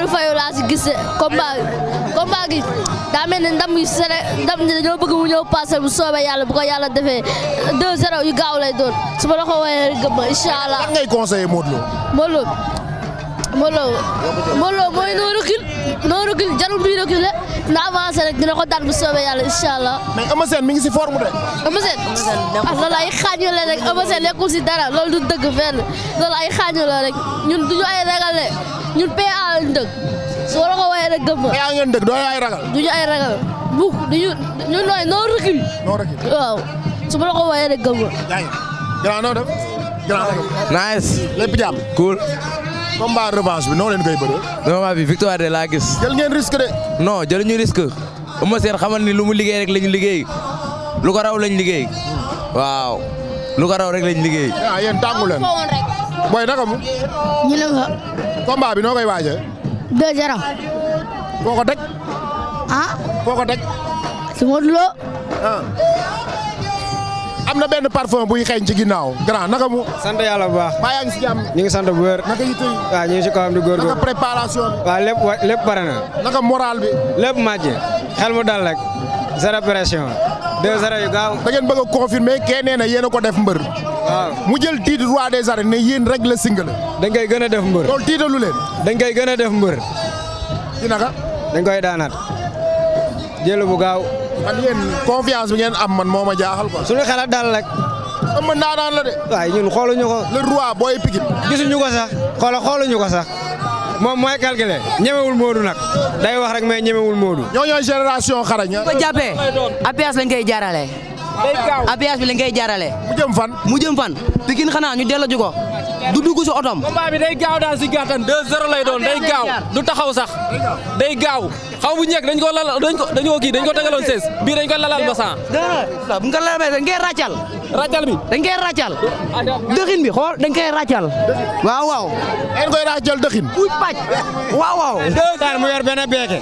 Modou Faye laa si gis combat combat gi daa mel ne ndam yi sene ndam ñi dañoo bëgg mu ñëw passé bu soobee yàlla bu ko yàlla defee 2-0 yu gaaw lay doon su ma la ko woowee gëm incha allah. lan ngay conseillé Modou Lo. Modou Lo Modou Lo Modou Lo mooy noo recul noo recul jarul muy reculé na avancé rek dina ko daan bu soobee yàlla incha allah. mais Eumeu Sène mi ngi si forme de. Eumeu Sène ah loolu ay xaañu la rek Eumeu Sène nekkul si dara loolu du dëgg fenn loolu ay xaañu la rek ñun duñu ay ragal de. ñun PA lañ dëkk su war a ko waxee rek gëm nga. PA ngeen dëkk doo ay ragal. du ñu ay ragal bu du ñu ñun nooy noo recul. noo recul waaw su ma la ko waxee rek gëm nga. yaa ngi grand noo def. grand noo def. nice. lépp jàmm. cool. combat revanche bi noo leen koy bëree. combat bi victoire de laa gis. jël ngeen risque de. non jël ñu risque. Eumeu Sène xamal ni lu mu liggéey rek lañu liggéey lu ko raw lañu liggéey waaw lu ko raw rek lañu liggéey. ah yéen tàngu leen. booy naka mu. ñu ne ko. combat bi noo koy waajee. 2-0. foo ko teg. ah. foo ko teg. si Modou Lo. ah. am na benn parfum buy xeeñ ci ginnaaw grand naka mu. sant yàlla bu baax. maa yaa ngi si jàmm. ñu ngi sant bu wér. naka yitte yi. waaw ñu si kawam di góorgóorlu. naka préparation bi. waaw lépp wa lépp pare na. naka moral bi. lépp màcc xel mu dal rek. zéro pression. 2-0 yu gaaw. da ngeen bëgg a kee na yéen ko def mbër. mu jël titre roi des arènes ne yéen rek la singale. dañ koy gën a def mbër. loolu tiitalu leen. dañ koy gën a def mbër. ci naka. dañ koy daanaat. jël bu gaaw. man yéen bi ngeen am man moo ma jaaxal quoi. suñu xalaat dal rek. ëmb ndaanaan la de. waaye ñun xooluñu ko. le roi booy Pikine. gisuñu ko sax xoola ñu ko sax moom mooy calculé ñemewul Modou nag day wax rek mais ñemewul Modou. ñoo ñooy génération xarañ. bu ah. ko jàppee APS koy jaarale. abiyaas bi li ngay jaarale mu jëm fan mu jëm fan Pikine xanaa ñu delloo ko du dugg si otom combat bi day gaaw daal si gàttan 2-0 lay doon day gaaw du taxaw sax day gaaw xaw bu ñekk dañ ko lal dañ ko dañ ko kii dañ ko tegaloon 16 bii dañ ko lalal ba 100 bu nga lalal ba ngay ràccal ràccal bi dañ koy ràccal dëxin bi xool dañ koy ràccal waaw waaw dañ koy ràccal dëxin puuj pàcc waaw waaw daan mu yor benn beeke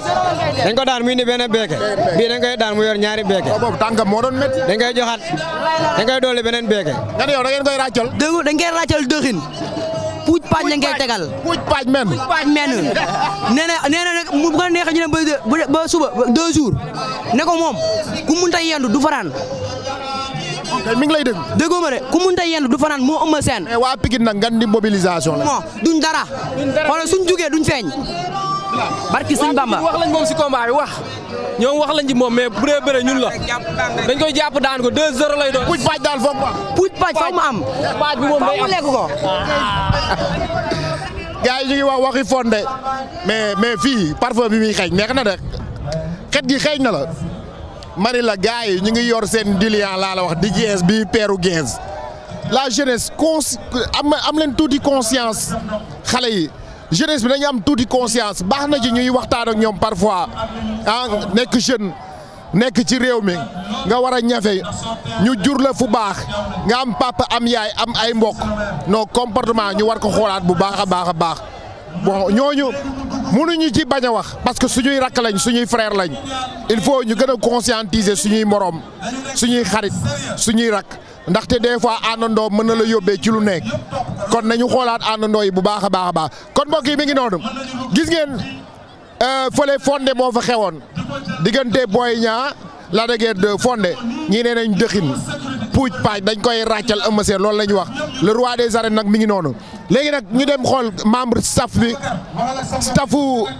dañ ko daan mu indi benn beeke bii dañ koy daan mu yor ñaari beeke boobu tànkam moo doon métti dañ koy joxaat dañ koy dolli beneen beeke nga ne yow da ngeen koy ràccal dégg dañ koy ràccal dëxin puuj paaj la ngay tegal puuj paaj men puuj paaj men nee na nee na nag bu ko neexee ñu ne ba suba deux jours ne ko moom ku munta yendu du faraan kay mi ngi lay dégg. déggoo ma de ku mënta yenn du fanaan moo ëmb seen. mais waa Pikine nag ngan di la. non duñ dara. duñ dara xoolal suñ jugee duñ feeñ. barki sëñ Bamba wax lañ moom si combat wax ñoom wax lañ ci moom mais bu dee bëre ñun la dañ koy jàpp daan ko 2-0 lay doon. puuj paaj daal foog mu am. puuj paaj foog mu am. paaj bi moom day am foog mu ko. gars yi ñu wax waxi fonde mais mais fii parfum bi muy xeeñ neex na de xet gi xeeñ na la. mani la gars yi ñu ngi yor seen dilian laa la wax di gens bi peru gens la jeunesse cons am am leen tuuti conscience xale yi jeunesse bi dañu am tuuti conscience baax na ci ñuy waxtaan ak ñoom parfois ah nekk jeune nekk ci réew mi nga war a ñafe ñu jur la fu baax nga am papa am yaay am ay mbokk non comportement ñu war ko xoolaat bu baax a baax a baax bon ñooñu. mënuñu ci bañ a wax parce que suñuy rakk lañ suñuy frère lañ il faut ñu gën a conscientiser suñuy moroom suñuy xarit suñuy rakk ndaxte des fois àndandoo mën na la yóbbee ci lu nekk kon nañu xoolaat àndandoo yi bu baax a baax a baax kon mbokk yi mi ngi noonu gis ngeen euh, fële fonde moo fa xewoon diggante Boy ñaa Lac de Guiers ñii nee nañ dëxin puuj paaj dañ koy ràccal Eumeu Sène loolu la ñu wax le roi des arènes nag mi ngi noonu léegi nag ñu dem xool membre staff bi staffu